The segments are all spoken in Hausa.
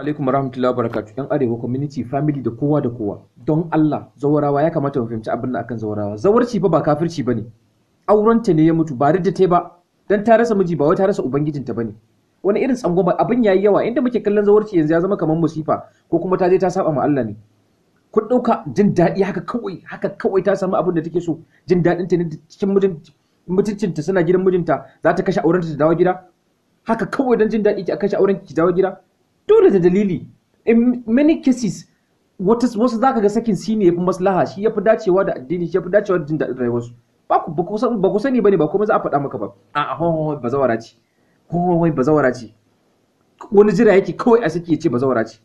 alaikum warahmatullahi wabarakatuh yan arewa community family da kowa da kowa don Allah zawarawa ya kamata mu fahimci abin da akan zawarawa zawarci ba ba kafirci bane aurenta ne ya mutu ba ridda ta ba dan ta rasa miji ba wai ta rasa ubangijinta bane wani irin ba, abin yayi yawa inda muke kallon zawarci yanzu ya zama kamar musifa ko kuma ta je ta saba ma Allah ne kun ɗauka jin daɗi haka kawai haka kawai ta samu abin da take so jin daɗin ta ne cikin mutuncinta suna gidan mijinta za ta kashe aurenta ta dawo gida haka kawai don jin daɗi ta kashe auren ki dawo gida dole da dalili in many cases wasu za ka ga sakin si ne ya fi maslaha shi ya fi dacewa da addini shi ya fi dacewa da jin daɗin rayuwarsu ba ku ba ku sani bane ba kuma za a faɗa maka ba a a hon bazawara ce hon bazawara ce wani jira yake kawai a saki ya ce bazawara ce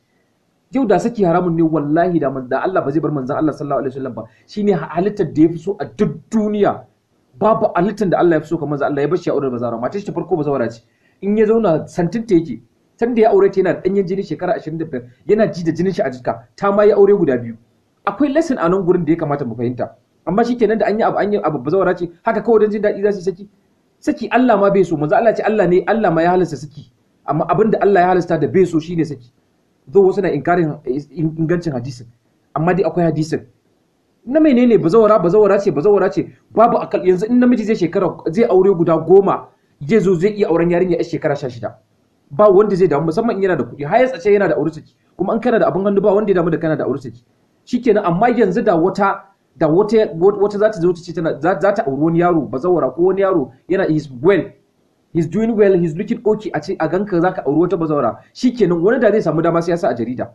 yau da saki haramun ne wallahi da da Allah ba zai bar manzon Allah sallallahu alaihi wasallam ba shine halittar da ya fi so a duk duniya babu halittar da Allah ya fi so kamar manzon Allah ya bar shi a auren bazawara matar shi ta farko bazawara ce in ya zauna santinta yake tun da ya aure ta yana danyen jini shekara 25 yana ji da jinin shi a jika ta ma ya aure guda biyu akwai lesson a nan gurin da ya kamata mu fahimta amma shikenan da an yi abu an yi abu bazawara ce haka kawai don jin daɗi za su saki saki Allah ma bai so manzo Allah ce Allah ne Allah ma ya halasta saki amma abin da Allah ya halasta da bai so shine saki zo wasu na inkarin eh, ingancin hadisin amma dai akwai hadisin na menene bazawara bazawara ce bazawara ce babu akal yanzu in namiji zai shekara zai aure guda goma zai zo zai iya auren yarinya a shekara 16 ba wanda zai damu musamman in yana da kuɗi har ya tsace yana da aurusaki kuma an kana da abin hannu ba wanda ya damu da kana da aurusaki shikenan amma yanzu da wata da wata wata za ta zo ta ce tana za ta auri wani yaro bazawara ko wani yaro yana is well he's doing well he's looking okay a ce a ganka zaka auri wata bazawara shikenan wani da zai samu dama sai ya sa a jarida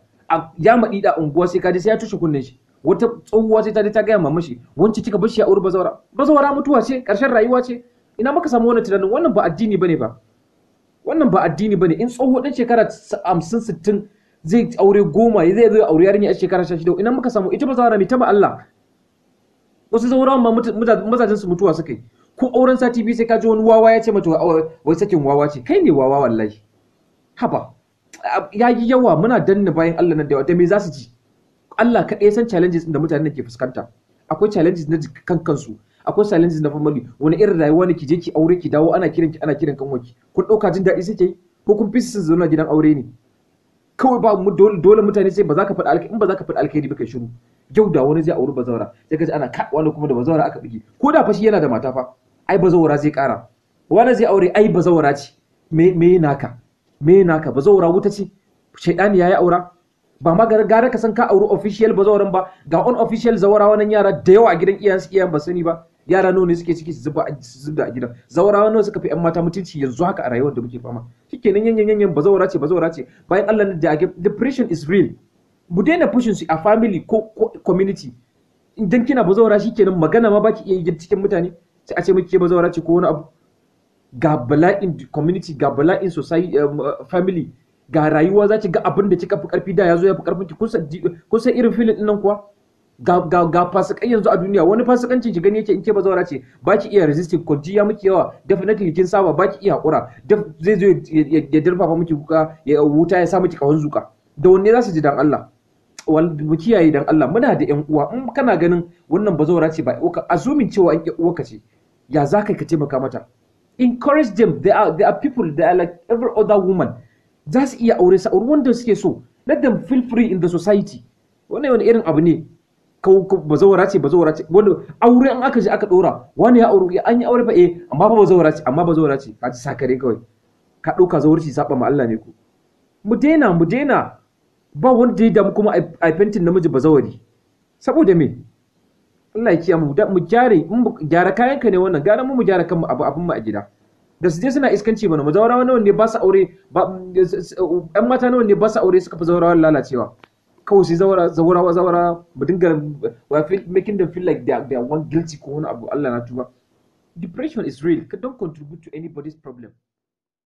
ya maɗi da unguwa sai kaje sai ya tushe kunnen shi wata tsohuwa sai ta je ta gaya mamashi wance kika bar shi a auri bazawara bazawara mutuwa ce karshen rayuwa ce ina maka samu wannan tunanin wannan ba addini bane ba wannan ba addini bane in tsoho dan shekara 50 60 zai aure goma zai zo aure yarinya a shekara 16 ina muka samu ita ba zawara ta ba Allah wasu zaurawan ma mazajen su mutuwa suka yi ko auren sati biyu sai ka ji wani wawa ya ce mata wai sakin wawa ce kai ne wawa wallahi haba ya yi yawa muna danna bayan Allah nan da yawa da me za su ji Allah kaɗai san challenges da mutanen da ke fuskanta akwai challenges na kan kansu akwai silence da family wani irin rayuwa ne ki je ki aure ki dawo ana kiran ki ana kiran kanwaki kun dauka jin daɗi sai yi ko kun fisi sun zauna gidan aure ne kawai ba mu dole mutane sai ba za ka faɗi alkhairi in ba za ka faɗi alkhairi ba kai shiru yau da wani zai auri bazawara sai ka ji ana ka wani kuma da bazawara aka bige ko da fa shi yana da mata fa ai bazawara zai ƙara wani zai aure ai bazawara ce me me naka me naka bazawara wuta ce shaidani yayi aura ba ma gara ka san ka auri official bazawaran ba ga unofficial zawara wannan yara da yawa a gidan iyayen iyayen ba sani ba yara nawa ne suke ciki su zuba a gidan zaurawa nawa suka fi yan mata mutunci yanzu haka a rayuwar da muke fama shikenan yanyan yanyan zaura ce zaura ce bayan Allah da depression is real mu daina pushing su a family ko community idan kina ba zaura shikenan magana ma baki iya yi cikin mutane sai a ce ba zaura ce ko wani abu ga bala'in community ga bala'in society eh, eh, family ga rayuwa za ga abin da kika fi karfi da ya zo ya fi karfin ki kun san irin filin din nan kuwa ga ga yanzu a duniya wani fasikanci ki gani yake in ke bazawara ce ba ki iya resisting ji ya miki yawa definitely kin saba ba ki iya hakura zai zo ya dirfafa miki kuka ya wuta ya sa miki kawan zuka da wanne za su ji dan Allah mu kiyaye dan Allah muna da yan uwa in kana ganin wannan bazawara ce ba azumin cewa an ce ya za kai ka taimaka mata encourage them there are, there are people that are like every other woman za su iya aure sa aure wanda suke so let them feel free in the society wannan wani irin abu ne ba zawara ce ba zawara ce wanda aure an aka je aka dora wani ya aure an yi aure fa eh amma ba zawara ce amma ba zawara ce ka ci sakare kawai ka dauka zawarci saba ma Allah ne ku mu daina mu daina ba wanda ya damu kuma a fentin namiji ba zawari. saboda me Allah ya kiyaye mu mu gyare mu gyara kayan ka ne wannan gara mu mu gyara kanmu abu abun mu a gida da su je suna iskanci mana mu mazawara nawa ne ba su aure ba ƴan mata nawa ne ba su aure suka fi zawarawa lalacewa kawai sai zawara zawara zawara mu dinga we making them feel like they are, they are one guilty ko wani abu Allah na tuba depression is real ka don't contribute to anybody's problem